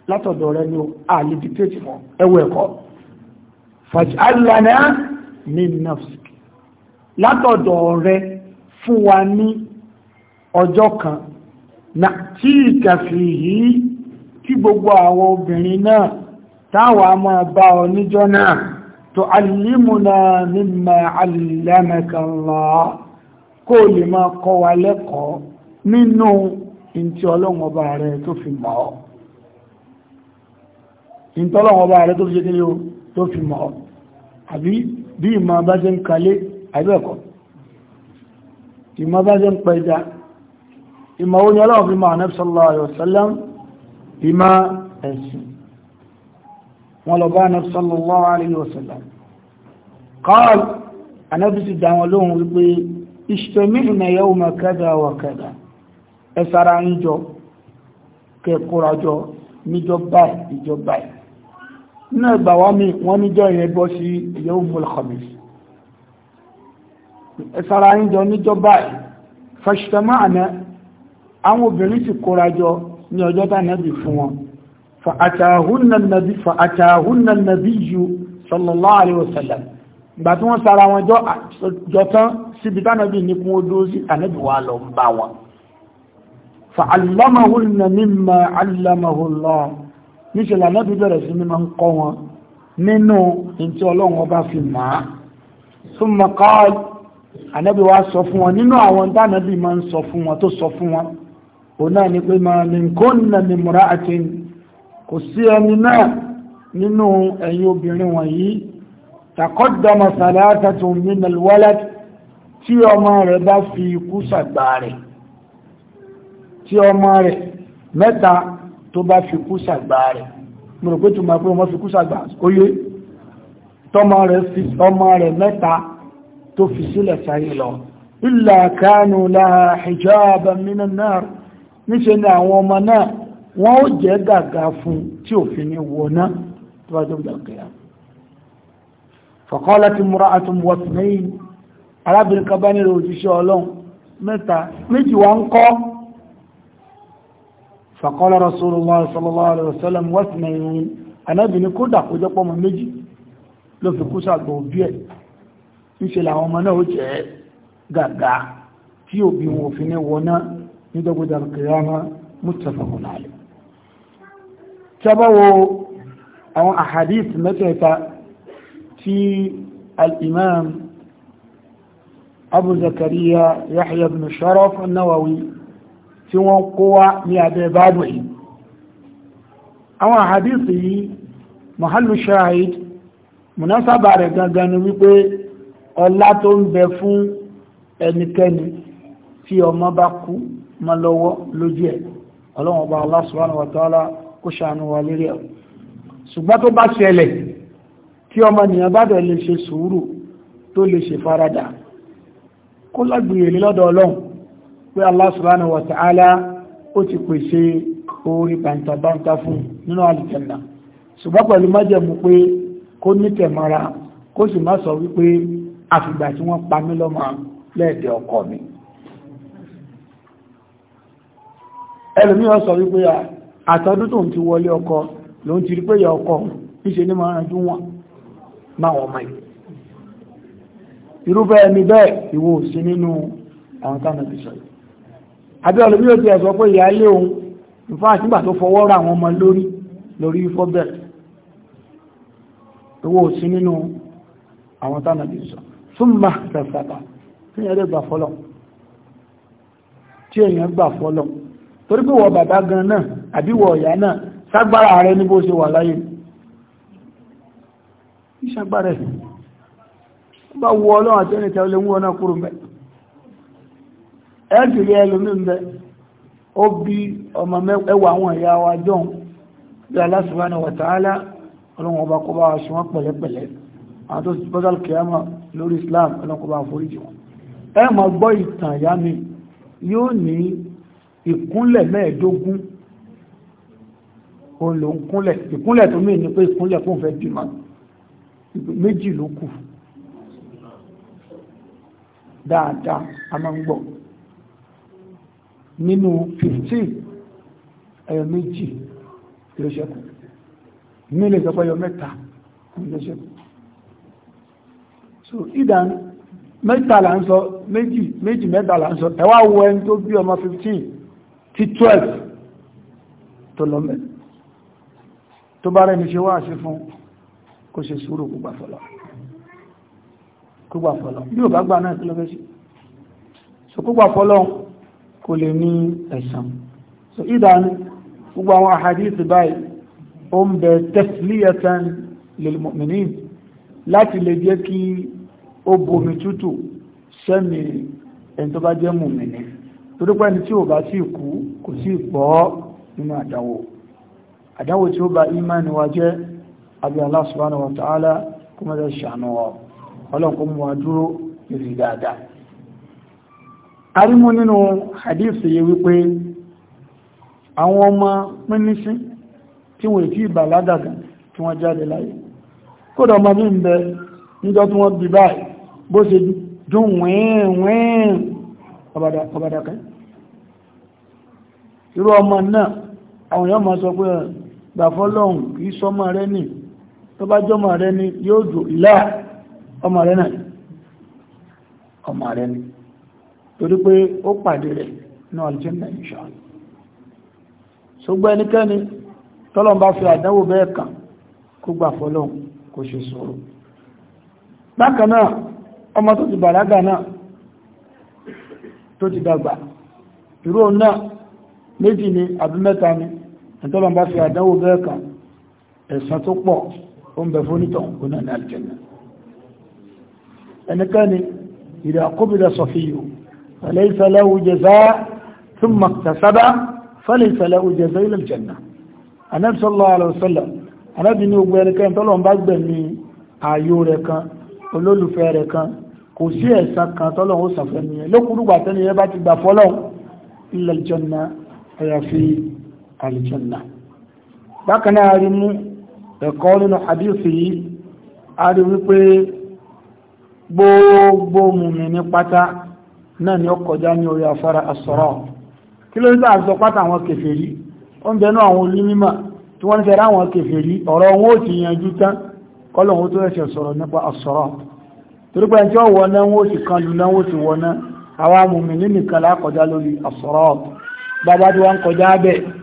látọ̀dọ̀ rẹ ni àlìdíkẹ́tì fún ẹwọ ẹ̀kọ́ fàjálànà ní nafsik látọ̀dọ̀ rẹ fún wa ní ọjọ́ kan na tí ìkàfì yìí tí gbogbo àwọn obìnrin náà táwa máa bá ọ níjọ́ náà تعلمنا مما علمك الله kó lè máa kọ́ wa lẹ́kọ̀ọ́ nínú ìntí ọlọ́run ọba rẹ̀ tó fi mọ̀ ọ́ ìntí ọlọ́run ọba rẹ̀ tó fi jẹ́kẹ́ yóò tó fi mọ̀ ọ́ àbí bí ìmọ̀ bá jẹ́ ń kalé àbẹ́ẹ̀kọ́ ìmọ̀ bá jẹ́ ń pẹja ìmọ̀ ó ní ọlọ́run fi mọ̀ ànẹ́bísọ́lá ọ̀sẹ́lẹ́m ìmọ̀ ẹ̀sìn wọn lọ bá anabi sallallahu alayhi wa sallam qaal anabi sì dá wọn lóhùn wípé ijtami'na yawma kada wa kada ẹ sara ń jọ kẹ kóra jọ níjọ báyìí ìjọ báyìí nínú ẹgbà wa mi wọn níjọ yẹn bọ sí yawmul khamis ẹ sara ń jọ níjọ báyìí fajtama'na àwọn obìnrin sì fa'atahunna nabi fa'atahunna nabiyyu sallallahu alaihi wasallam ìgbà tí wọ́n sara wọn jọ tán síbi tánàbí ní kún odó sí ànábì wa lọ ń bá wọn fa'allamahunna mimma 'allamahu Allah níṣẹ̀lẹ̀ ànábì bẹ̀rẹ̀ sí ní máa ń kọ́ wọn nínú ìntí ọlọ́run ọba fi máa summa qala ànábì wa sọ fún wọn nínú àwọn tánàbí máa ń sọ fún wọn tó sọ fún wọn òun náà ni pé ma min kunna min imra'atin kò sí ẹni náà nínú ẹ̀yin obìnrin wọ̀nyí tàkọ́dọ̀mọ̀ sàlátàtù minal walad tí ọmọ rẹ̀ bá fi ikú sàgbà rẹ̀ tí ọmọ rẹ̀ mẹ́ta tó bá fi kú sàgbà rẹ̀ mo pé tó pé ọmọ fi kú sàgbà oyé tọ́mọ rẹ̀ fi ọmọ rẹ̀ mẹ́ta tó fi sílẹ̀ sáyé lọ illa kanu laha hijaban minan nar níṣẹ́ ni àwọn ọmọ náà wọ́n ó jẹ́ gàgà fún tí òfin ni wọ̀ná tó bá jẹ́ gbàgbéyà fọ̀kọ́lá ti múra àtúnwọ̀tìmẹ́yìn arábìnrin kan bá nílò òjíṣẹ́ ọlọ́run mẹ́ta méjì wá ń kọ́ fọ̀kọ́lá rasulullah sallallahu alaihi wasallam wọ́tìmẹ́yìn anábìnrin kódà kó jẹ́ pọ́mọ méjì ló fi kú sàgbà òbí ẹ̀ níṣe làwọn ọmọ náà ó jẹ́ gàgà tí òbí wọn òfin ni wọ̀ná nídọ́gbọ́dà kìrámà muttafaqun alayh tabawo àwọn ahadith mẹ́tẹ̀ẹ̀ta tí al-imam abu zakariya yahya ibn sharaf an-nawawi tí wọ́n kó wá ní abẹ́ báàbù yìí àwọn ahadith yìí mahallu shahid munasaba rẹ̀ gangan ni wípé ọlá tó ń bẹ fún ẹnikẹ́ni tí ọmọ bá kú mọ́ lọ́wọ́ lójú ẹ̀ ọlọ́wọ́n bá Allah subhanahu kó ṣàánú wa lérí ẹ̀ ṣùgbọ́n tó bá ṣẹlẹ̀ tí ọmọnìyàn bá dẹ̀ lè ṣe sùúrù tó lè ṣe faradà kó lágbèrè lọ́dọ̀ ọlọ́run pé Allah subhanahu wa ta'ala ó ti pèsè orí bàǹtàbàǹtà fún nínú àlùjànnà ṣùgbọ́n pẹ̀lú májẹ̀mú pé kó nítẹ̀mọ́ra kó sì má sọ wípé àfìgbà tí wọ́n pa mí lọ́mọ lẹ́ẹ̀dẹ̀ ọkọ mi ẹlòmíràn sọ wípé àtọ́dún tó ń ti wọlé ọkọ ló ń ti rí pé yà ọkọ níṣe ní máa ránjú wọn máwọn ọmọ yìí irúfẹ́ ẹni bẹ́ẹ̀ ìwò sí nínú àwọn táwọn ti sọ yìí abẹ́ọ̀lù bí ó ti ẹ̀sọ́ pé ìyá ilé òun ìfọ́ àtìgbà tó fọwọ́ ra àwọn ọmọ lórí lórí ifọ́ bẹ̀rẹ̀ ìwò sí nínú àwọn táwọn ti sọ súnmà tẹ̀sàtà tí èèyàn lè gbà fọlọ̀ tí èèyàn gbà fọlọ̀ torí pé wọ bàbá gan náà àbíwọ̀ ọ̀yá náà ságbára rẹ ní bó ṣe wà láyé ìṣàgbára ẹ̀ bá wọ ọlọ́run àti ẹni tẹ́lẹ̀ mú ọ̀nà kúrò mẹ́ ẹ́ẹ̀kìrí ẹlòmí mẹ́ ó bí ọmọ ẹwà àwọn ìyá wa jọun bí Allah subhanahu wa ọba kó Islam ọlọ́run kó bá foríjì wọn ẹ máa gbọ́ ìtàn òun lòun kúnlẹ̀ ìkúnlẹ̀ tó mìíràn ni pé ìkúnlẹ̀ kóun fẹ́ bímọ méjì ló kù dáadáa a máa ń gbọ́ nínú 15 ẹyọ méjì ló ṣẹ́kù ní ilé ìjọba ẹyọ mẹ́ta ló ṣẹ́kù so ìdán mẹ́ta là ń sọ méjì méjì mẹ́ta là ń sọ ẹwà wo ẹni tó bí ọmọ 15 tí 12 tó lọ mẹ́ta tó bá rẹ̀ ní ṣe wá ṣe fún kó ṣe sùúrù kúgbà fọ́lọ̀ bí ò bá gbà náà kílọ́fẹ́ sí so kúgbà fọ́lọ̀ kò lè ní ẹ̀san so ìdáni gbogbo àwọn àhàdíìsì báyìí ó ń bẹ tasliyatan lil mu'minin láti lè jẹ́ kí ó bomi tútù sẹ́mi ẹni tó bá jẹ́ mùmìnì torípẹ́ni tí ò bá sí ìkú kò sí ìpọ́ nínú àdáwò àdáwò tí ó bá ìmáni wa jẹ́ àbí Allah subhanahu wa ta'ala kó mọ́ ṣàánú wa ọlọ́run kó mú wa dúró lórí dáadáa arímú nínú hadith yìí wípé àwọn ọmọ pínísí tí wọ́n ti bàlágà gan tí wọ́n jáde láyé kódà ọmọ ní ìbẹ̀ níjọ́ tí wọ́n bí báyìí bó ṣe dún wẹ́ẹ̀wẹ́ẹ̀ ọbàdàkẹ́ irú ọmọ náà àwọn èèyàn máa sọ pé gbàfọ́lọ́hùn kìí sọmọ rẹ ní tó bá jọmọ rẹ ní yóò ilá ọmọ rẹ náà ọmọ rẹ ní torí pé ó pàdé rẹ̀ ní aljanna insha ṣùgbọ́n ẹnikẹ́ni tọ́lọ́n bá fi àdánwò bẹ́ẹ̀ kàn kó gbàfọ́lọ́hùn kò ṣe sọ̀rọ̀ bákan náà ọmọ tó ti náà tó ti ni àbí ni tọ́lọ́n bá fi àdánwò bẹ́ẹ̀ kan ẹ̀san tó pọ̀ ó ń bẹ fónítàn kò náà ní àlùjànnà ẹnikẹ́ni idha qubida safiyyu falaysa lahu jazaa thumma iktasaba falaysa lahu jazaa illa al-janna Ànábì sallallahu alaihi wasallam Ànábì ní ogun ẹnikẹ́ni tọ́lọ́n bá gbẹ̀mí ààyò rẹ̀ kan olólùfẹ́ rẹ̀ kan kò àlùjànnà bákan náà rí mú ẹ̀kọ́ nínú hadith yìí a rí wípé gbogbo mùmínì pátá náà ni ó kọjá ní orí afárá asọ́rọ̀ kí ló ń tà sọ pátá àwọn kèfèrí ó ń bẹnu àwọn olúmímọ̀ tí wọ́n ń fẹ́ra kèfèrí ọ̀rọ̀ wọn ti tán tó sọ̀rọ̀ nípa asọ́rọ̀ ẹjọ́ ti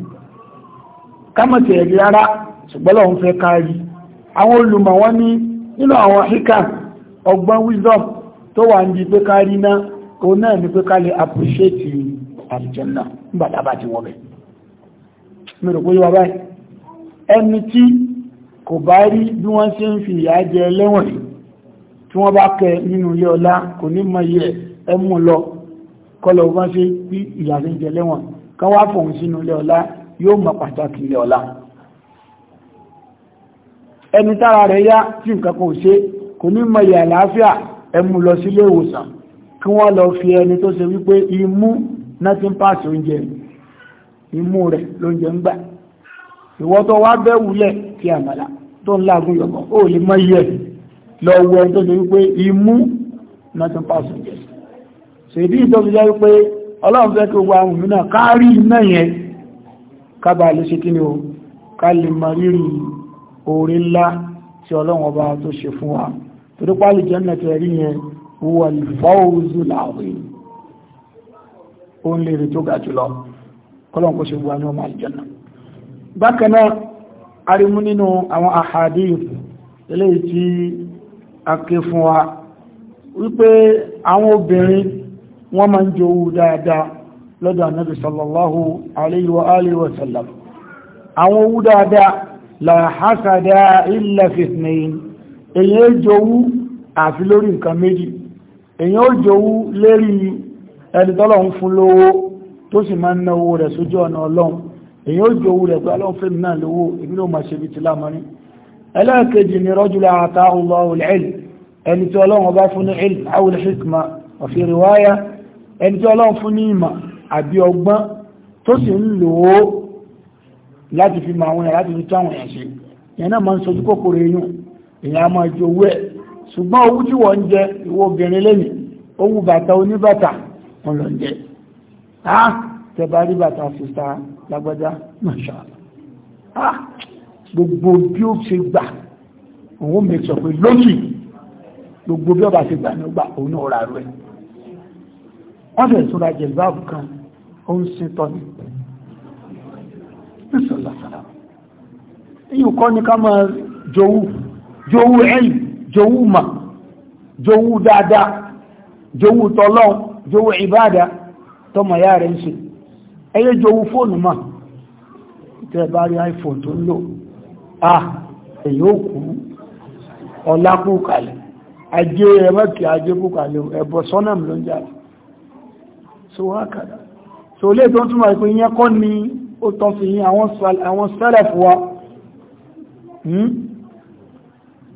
kámọ̀tì ẹ̀rí rárá ṣùgbọ́n lọ́wọ́n fẹ́ kárí àwọn olùmọ̀ wọ́n ní nínú àwọn híkà ọgbọ́n wisdom tó wà ń di pé kárí náà òun náà ni pé ká appreciate àlùjànnà nígbà tá a bá ti wọ̀ bẹ̀ mi rò pé yóò wá báyìí ẹni tí kò bá rí bí wọ́n ṣe ń fi ìyà jẹ lẹ́wọ̀n yìí tí wọ́n bá kẹ nínú ilé ọlá kò ní mọ iye ẹmú lọ kọlọ̀ wọ́n ṣe bí ìyà jẹ lẹ́wọ̀n kan wá fòun sínú ilé ọlá yóò mọ pàtàkì ilẹ̀ ọ̀la ẹni tára rẹ̀ yá tí nǹkan kan ò ṣe kò ní mọ ìyà àlàáfíà ẹmú lọ sílé ìwòsàn kí wọ́n lọ fi ẹni tó ṣe wípé imú náà ti ń pàṣẹ oúnjẹ imú rẹ̀ lóúnjẹ ń gbà ìwọ́ tó wá bẹ́ wulẹ̀ ti àmàlà tó ń láàgùn yọ̀mọ̀ ó lè mọ lọ wọ ẹni tó ṣe wípé imú náà ti oúnjẹ ṣèdí ìtọ́jú jẹ́ wípé ọlọ́run fẹ́ kí gbogbo àwọn òmìnira kárí iná yẹn kábà lè ṣe kíni o ká lè mọ rírì orí ńlá tí ọlọ́run ọba tó ṣe fún wa torí pálí jẹ́nà tẹ̀ rí yẹn wọ ìfọ́wùzù láàrin ó ń lè rí tó ga jùlọ kọ́lọ́n kó ṣe wà ní ọmọ àlìjẹ́nà bákan náà arimú nínú àwọn àhàdí eléyìí tí a ké fún wa wípé àwọn obìnrin wọ́n máa ń jowú dáadáa lọ́dọ̀ annabi sallallahu alaihi wa alihi wa sallam àwọn owó dáadáa la hasada illa fitnayin èyàn ó jowú àfi lórí nǹkan méjì èyàn ó jowú lérí ẹni tọ́lọ̀ ń fún lówó tó sì máa ń ná owó rẹ̀ sójú ọ̀nà ọlọ́run èyàn ó jowú rẹ̀ pé ọlọ́run fẹ́mi náà ẹni tí ọlọ́run fún ní ilm àbí ọgbọ́n tó sì ń lò ó láti fi mọ àwọn èèyàn láti fi tó àwọn èèyàn ṣe ìyẹn náà máa ń sojú kòkòrò eyín èèyàn á máa jẹ owó ẹ̀ ṣùgbọ́n owó tí wọ́n ń jẹ ìwọ obìnrin lẹ́yìn owó bàtà oníbàtà wọn lọ ń jẹ á tẹ̀bá rí bàtà sísá lágbájá masha Allah gbogbo bí ó ṣe gbà òun mi sọ pé lónìí gbogbo bí ọba ṣe gbà ní ọgbà òun náà rà rẹ̀ wọ́n fẹ̀ sọ́ra jẹ̀lbáàbù kan ó ń ṣe tọ́ ni ìyí kọ́ ní ká máa jowú jowú ẹ̀yìn jowú ma, jowú dáadáa jowú tọ́lọ́ jowú ìbáadà tọmọ ya rẹ̀ ń ṣe ẹyẹ jowú fóònù mà tẹ́ bá rí iphone tó ń lò ah èyí ó kú ọlá kú kalẹ̀ ajé ẹmẹ́kì ajé kú kalẹ̀ ẹ̀bọ̀ sọ́nà ló ń jáde so wákàdá so lè tó ń túnmọ̀ ìpín kọ́ ni ó tọ́ sí yí àwọn sẹ́lẹ̀fù wa hmm?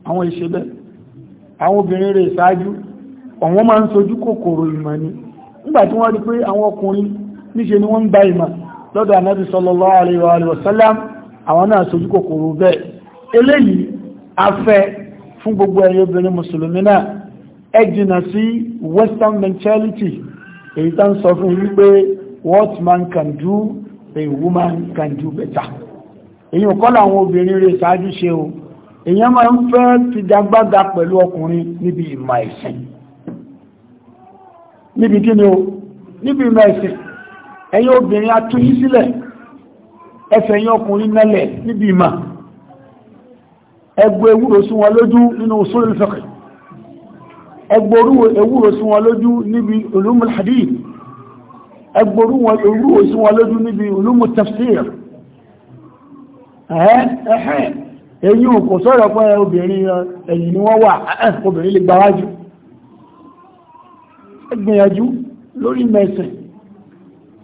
àwọn ìṣẹ́bẹ̀ àwọn obìnrin rẹ̀ ìsáájú ọ̀wọ́n máa ń sojú kòkòrò ìmọ̀ ni nígbà wọ́n rí pé àwọn ọkùnrin níṣe ni wọ́n ń gba ìmọ̀ lọ́dọ̀ ànábì sallallahu àwọn bẹ́ẹ̀ eléyìí fún gbogbo obìnrin what man can do a woman can do better èyí ò kọ́lá àwọn obìnrin rẹ̀ ṣáájú ṣe o èyàn máa ń fẹ́ ti dágbága pẹ̀lú ọkùnrin níbi ìmọ̀ ẹ̀sìn níbi kí ni o níbi ìmọ̀ ẹ̀sìn ẹ̀yin obìnrin atúyí sílẹ̀ ẹfẹ̀ yín ọkùnrin mẹ́lẹ̀ níbi ìmọ̀ ẹgbẹ́ ewúro sí wọn lójú nínú usulul fiqh ẹgbẹ́ ewúro sí wọn lójú níbi ulumul hadith ẹgbòrú wọn orú òsùn wọn lójú níbi olúmù tafsir ẹ̀yìn òkò sọ́rọ̀ pé obìnrin ẹ̀yìn ni wọ́n wà obìnrin lè gbáwájú ẹgbìyànjú lórí mẹ́sìn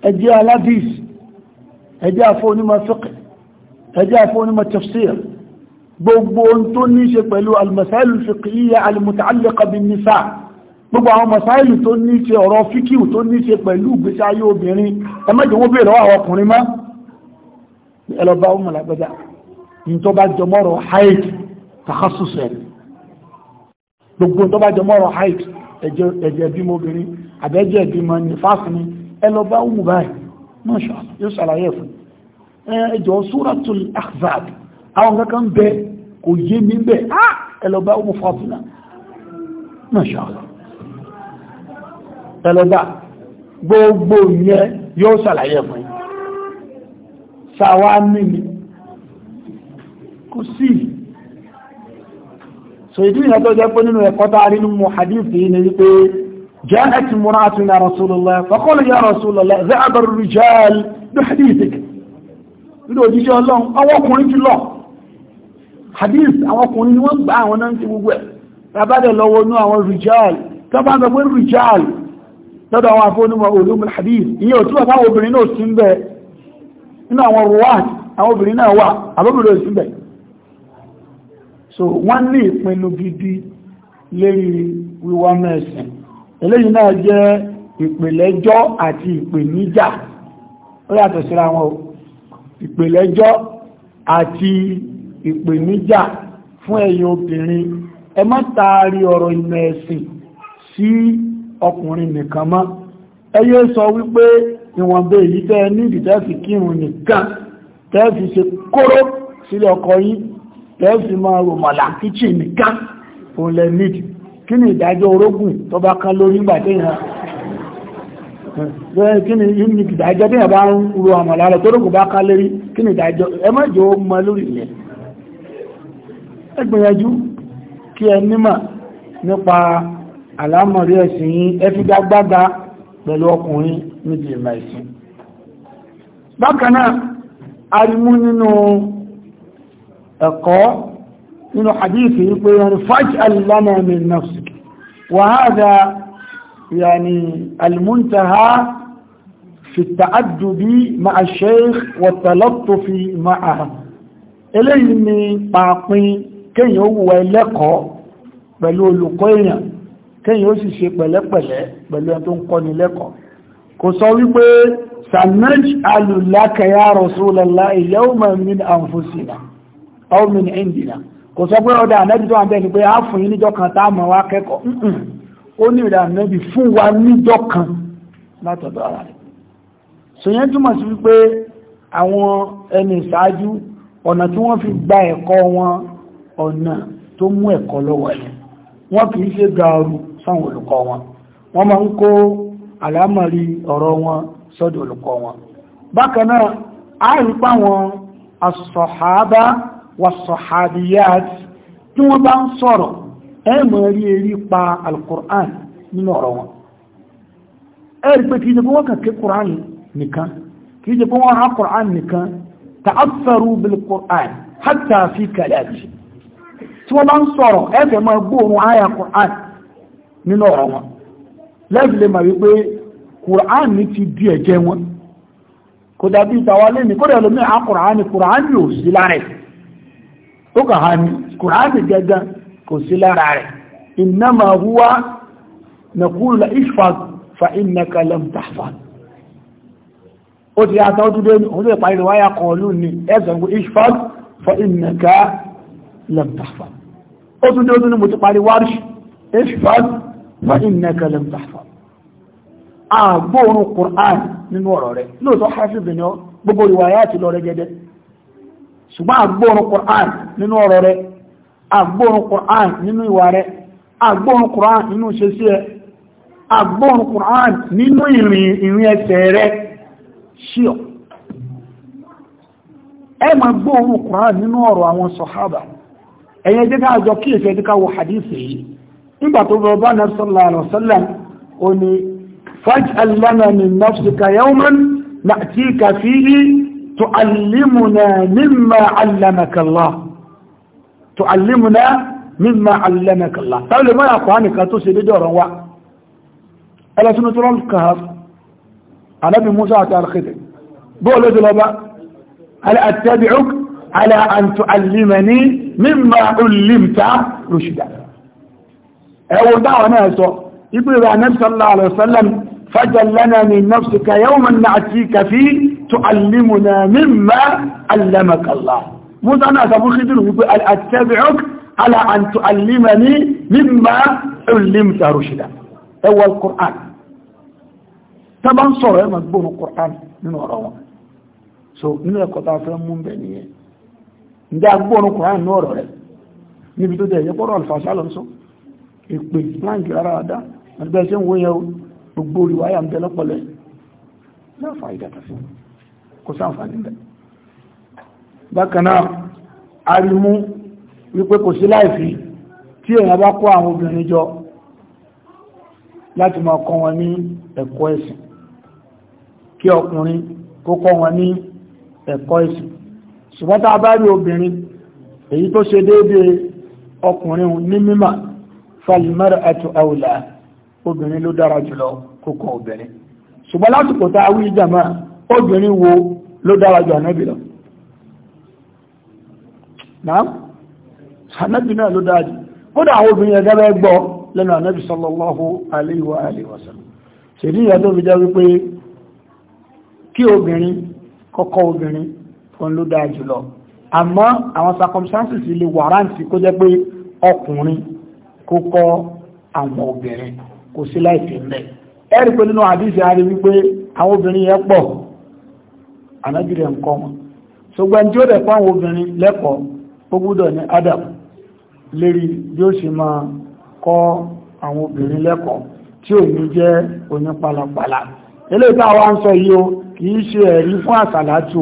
ẹjẹ́ alábìs ẹjẹ́ afọ́ onímọ̀ fiqh ẹjẹ́ afọ́ onímọ̀ tafsir gbogbo ohun tó ní ṣe pẹ̀lú al-masail al-fiqhiyya al bin nisa' gbogbo àwọn mọ̀sáìlì tó ní ṣe ọ̀rọ̀ fíkíù tó ní ṣe pẹ̀lú ìgbésí ayé obìnrin ẹ mẹ́jọ wọ́n bèèrè lọ́wọ́ ọkùnrin mọ́ ẹlọ́ba ọmọ làgbẹ́jà ní tó bá jọmọ́rọ̀ haid takhasusẹ̀ gbogbo tó bá jọmọ́rọ̀ haid ẹ̀jẹ̀ bímọ obìnrin àbẹ́jẹ̀ bímọ ní fásitì ẹlọ́ba ọmọ báyìí mọ́ṣọ́ yóò ṣàlàyé fún ẹjọ́ suratul ahzab àwọn tẹlẹgbà gbogbo yẹn yóò ṣàlàyé fún yín ṣàwámi ni kò sí so ìdí ìyẹn tó jẹ́ pé nínú ẹ̀kọ́ tá a hadith yìí ni wípé جاءت مرأة إلى رسول الله فقال يا رسول الله ذهب الرجال بحديثك ló jíjẹ́ ọlọ́run àwọn ọkùnrin ti lọ hadith àwọn ọkùnrin ni wọ́n gbà àwọn náà ti gbogbo ẹ̀ lọ́dọ̀ àwọn afọ́numọ̀ ulumul hadith iye òtú àpá obìnrin náà sí ń nínú àwọn ruwat àwọn obìnrin náà wà àbọ́bìnrin sí so wọ́n ní ìpinnu gidi lérí wíwá mẹ́sìn eléyìí náà jẹ́ ìpìlẹ̀jọ́ àti ìpèníjà ó yàtọ̀ síra wọn àti fún obìnrin ẹ má taari ọ̀rọ̀ ọkùnrin nìkan mọ́ ẹyẹ sọ wípé ìwọ̀nbẹ̀ èyí tẹ́ nídìí tẹ́fì kírun nìkan tẹ́fì ṣe kóró sílé ọkọ yín tẹ́fì máa rò mọ̀lá kíchì nìkan fún lẹ kí ni ìdájọ́ orógùn tó lórí kí bá lórí nípa àlámọ̀rí ẹ̀sìn yín ẹfigagbága pẹ̀lú ọkùnrin níbi ìmọ̀ ẹ̀sìn bákan náà arimú nínú ẹ̀kọ́ nínú hadithi wípé yẹn fàájì alìlànà min nafsik wà hádà yàní alìmúntàhá fi tààdùbí ma'a sheikh wà tàlọ́tọ̀fí ma'a eléyìí ni pàápín kéyàn ó wù pẹ̀lú olùkọ́ èèyàn kẹ́yìn ó sì ṣe pẹ̀lẹ́pẹ̀lẹ́ pẹ̀lú ẹni tó ń kọ́ni lẹ́kọ̀ọ́ kò sọ wípé sanaj alulaka ya Rasulullah yawman min anfusina aw min indina kò sọ pé ọdá ànẹ́bì tó wà ni pé a fún yín níjọ́ kan tá a mọ̀ wá kẹ́kọ̀ọ́ ó ní ìrẹ̀ ànẹ́bì fún wa níjọ́ kan látọ̀dọ̀ ara rẹ̀ sòyẹn túmọ̀ ọ̀nà tí wọ́n fi gba ẹ̀kọ́ wọn ọ̀nà tó mú ẹ̀kọ́ lọ́wọ́ ẹ̀ wọ́n kì ṣe gàrú sáwọn olùkọ́ wọn wọ́n máa ń kó àlámọ̀rí ọ̀rọ̀ wọn sọ́dọ̀ olùkọ́ wọn bákan náà a rí páwọn asọ̀hábá wa sọ̀hábíyàt tí wọ́n bá ń sọ̀rọ̀ ẹ mọ̀ rí erí pa alkùrán nínú ọ̀rọ̀ wọn ẹ rí pé kìí jẹ́ pé wọ́n kàn ké kùrán nìkan kìí jẹ́ pé wọ́n há kùrán nìkan ta'assaru bil kùrán hatta fi kàlẹ́ àti tí wọ́n bá ń sọ̀rọ̀ ẹ fẹ́ máa gbóòrùn àyà kùrán nínú ọ̀rọ̀ wọn lẹ́yìn lè mọ̀ wípé kùránì ti di ẹ̀jẹ̀ wọn kò dàbí ìtawà lẹ́ni kó dẹ̀ lómi àkùránì kùránì ò sí lára ẹ̀ ó kà hàn kùránì gẹ́gẹ́ kò sí lára rẹ̀ innama huwa nàkúrù la ishfaq fa innaka lam tahfaz ó ti yàtọ̀ ọdún dé òun lè parí wáyà kọ̀ọ̀lù ní ẹ̀sẹ̀ ìwé ishfaq fa innaka lam tahfaz ó tún dé ó tún ní mo ti parí wárṣì ishfaq fa innaka lam tahfaz àgbóorun Qur'an nínú ọ̀rọ̀ rẹ̀ lóòótọ́ hafizu ni gbogbo riwayati lọ rẹ̀ gẹ́gẹ́ ṣùgbọ́n àgbóorun Qur'an nínú ọ̀rọ̀ rẹ̀ àgbóorun Qur'an nínú ìwà rẹ̀ àgbóorun Qur'an nínú ṣeṣí ẹ àgbóorun Qur'an nínú ìrìn ẹsẹ̀ ẹ ma gbóorun Qur'an ọrụ nígbà tó bọ̀ bá náà sallallahu alaihi wasallam ó ní faj'al lana min nafsika yawman na'tika fihi tu'allimuna mimma 'allamaka Allah tu'allimuna mimma 'allamaka Allah táwọn lè mọ́ra kọ́ nìkan tó ṣe dédé ọ̀rọ̀ wa ẹlẹ́sìn tó rọ́n kàá anábì Musa àti alkhidr bóòlù ti lọ bá alẹ́ àtẹ́bìrúk على أن تعلمني مما علمت رشدا ẹwọ dáwọn náà sọ ibi rẹ̀ anẹ́sọ́lá alẹ́sọ́lẹ́m fajallana ni nafsika yawman na'tika fi tu'allimuna mimma allamakalla musa náà sọ fún kídìrù wípé al'attabi'uk ala an tu'allimani mimma ullimta rushida ẹwọ al-qur'an tọ́bá ń sọ̀rọ̀ ẹ̀mà gbóòrò kọ̀tán nínú ọ̀rọ̀ wọn so nínú ẹ̀kọ́ta fẹ́ mú èpè slang rárá àdá ẹgbẹ́ ṣe ń wó yẹn gbogbo olùwáyà ń bẹ lọ́pọ̀lẹ̀ láfà ìdàtà sí kò sáǹfàní bẹ̀ bákanáà arimú wípé kò sí láìfí tí èèyàn bá kó àwọn obìnrin jọ láti máa kọ́ wọn ní ẹ̀kọ́ ẹ̀sìn kí ọkùnrin kó ṣùgbọ́n tá obìnrin èyí tó ṣe déédéé ọkùnrin ní mímọ̀ falmar'atu awla obìnrin ló dára jùlọ kókó obìnrin ṣùgbọ́n lásìkò tá a wí jàmá obìnrin wo ló dára jù ànábì lọ náà ànábì náà ló dára jù kódà àwọn obìnrin ẹ̀gá bẹ́ gbọ́ lẹ́nu ànábì sallallahu alayhi wa alihi wa sallam ṣèdí ìyá tó fi jẹ́ wípé kí obìnrin kọ́kọ́ obìnrin òun ló dára jùlọ àmọ́ àwọn circumstances ilé wàrántì kó jẹ́ pé ọkùnrin kó kọ́ àwọn obìnrin kò sí láìsí ńlẹ̀ ẹ̀rí pé nínú àdíṣe àrí wípé àwọn obìnrin yẹn pọ̀ ànájìrẹ̀ nǹkan wọn ṣùgbọ́n tí ó dẹ̀ fún àwọn obìnrin lẹ́kọ̀ọ́ ó gbúdọ̀ ní adam lérí bí ó sì máa kọ́ àwọn obìnrin lẹ́kọ̀ọ́ tí ò ní jẹ́ oní palapala eléyìí táwa ń sọ yìí o kì í ṣe ẹ̀rí fún àsàlátù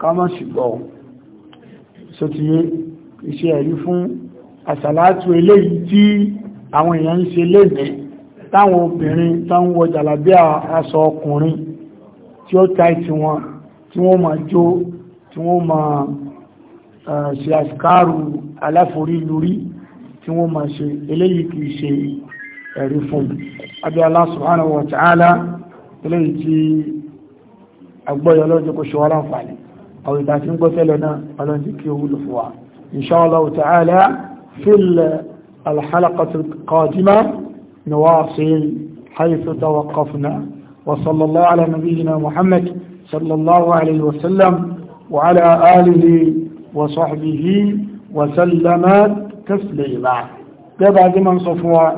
ká má sì gbọ́ sótìyé ìṣe ẹ̀rí fún àsàlátù eléyìí tí àwọn èèyàn ń ṣe lẹ́gbẹ̀ẹ́ táwọn obìnrin tán wọ jàlábíà aṣọ ọkùnrin tí ó ta ìtì wọn tí wọ́n máa jó tí wọ́n máa ṣe àṣìkáàrù aláforí lórí tí wọ́n máa ṣe eléyìí kìí ṣe ẹ̀rí fún abẹ́ lọ́jọ́ kò ṣe wọ́n láǹfààní àwọn ìdásí ń gbọ́ tẹ́lẹ̀ náà ọlọ́njẹ́ kí ó wúlò fún wa إن شاء الله تعالى في الحلقة القادمة نواصل حيث توقفنا وصلى الله على نبينا محمد صلى الله عليه وسلم وعلى آله وصحبه وسلم تسليما ده دي من صفوة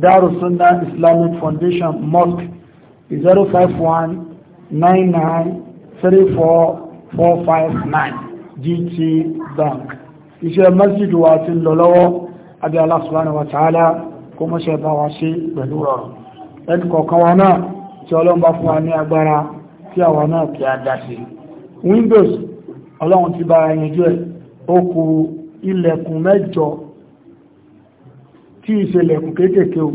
دار السنة Islamic Foundation Mosque 051 99 34459 GT Bank iṣẹ́ masjidu wa ti lọ abẹ́ Allah wa ta'ala kó mọ́ṣẹ́ bá wa ṣe pẹ̀lú rọrùn ẹni kọ̀ọ̀kan wa náà tí ọlọ́run bá fún wa ní agbára tí àwa náà kí a dá sí windows ọlọ́run ti bá yanjú ẹ̀ ó kù ilẹ̀kùn mẹ́jọ tí ìṣe lẹ̀kùn kéékèèké o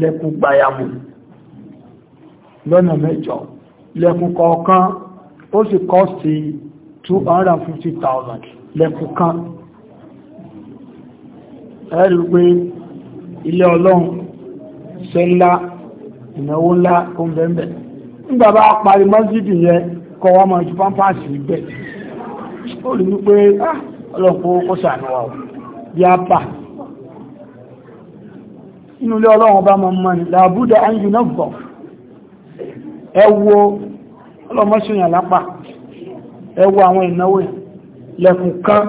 lẹ̀kùn gbàyàmù lọ́nà mẹ́jọ lẹ̀kùn kọ̀ọ̀kan ó sì kọ́ sí 250,000 lẹ́kùn kan ẹ̀rí pé ilé ọlọ́run ṣe ńlá ìnáwó ńlá ó ń bẹ́ẹ̀ bẹ́ẹ̀ nígbà bá parí mọ́sídì yẹn kọ́ wá máa ju pampasì bẹ́ẹ̀ ó rí wípé ah, ọlọ́pọ̀ kó sàánú wa bí a bà inú ilé ọlọ́run bá máa mọ́ni làbúdà áyù náà bọ̀ ẹ wo ọlọ́mọṣẹ́yàn lápá ẹ wo àwọn ìnáwó yẹn lẹ́kùn kan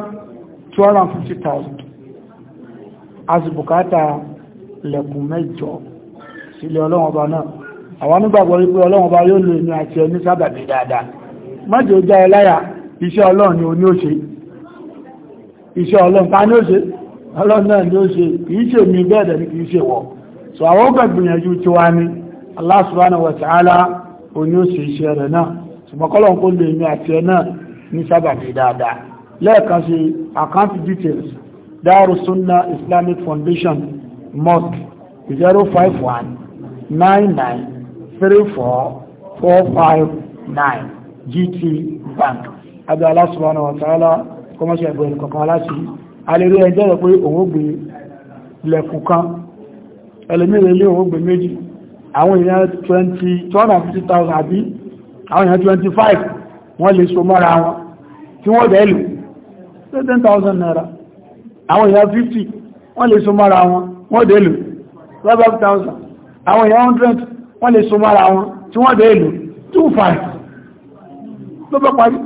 250,000 a sì bùkátà lẹ́kùn mẹ́jọ sílẹ̀ ọlọ́wọ́ba náà àwọn onígbàgbọ́ wípé ọlọ́wọ́ba yóò lò ní àti ẹni sábàbí dáadáa mọ́jọ já ẹ láyà iṣẹ́ ọlọ́run ni oní òṣè iṣẹ́ ọlọ́run ta ní òṣè ọlọ́run náà ní òṣè kìí ṣe mi bẹ́ẹ̀dẹ̀ so àwọn ó gbẹ̀gbìyànjú Allah subhanahu wa ta'ala oní òṣè iṣẹ́ rẹ̀ náà ṣùgbọ́n kọ́lọ̀ kó lè ní àti ní sábàbí dáadáa lẹ́ẹ̀kan sí account details Darussunna Islamic Foundation mosque 051 99 34 459 GT Bank abẹ́ Allah subhanahu wa ta'ala kọmọ́ṣẹ́ ẹ̀bọ̀ ìkọ̀kan aláṣí alẹ́rí ẹjọ́ rẹ̀ pé òun gbé lẹ̀kùn kan ẹlẹ́mìnrin ilé òun gbé méjì àwọn èèyàn 250,000 àbí àwọn èèyàn 25 wọ́n lè so mọ́ra wọn tí wọ́n bẹ̀ẹ́lù ten thousand naira àwọn èèyàn fifty wọ́n lè so mọ́ra wọn wọ́n dé lò twelve thousand àwọn èèyàn hundred wọ́n lè so mọ́ra wọn tí wọ́n dé lò two five ló parí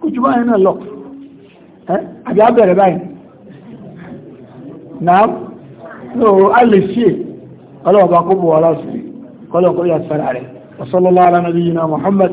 kò jù báyìí náà lọ àbí báyìí náà ló lè kó bọ̀ kọlọ̀kọ́ yà sára rẹ̀ wasallallahu muhammad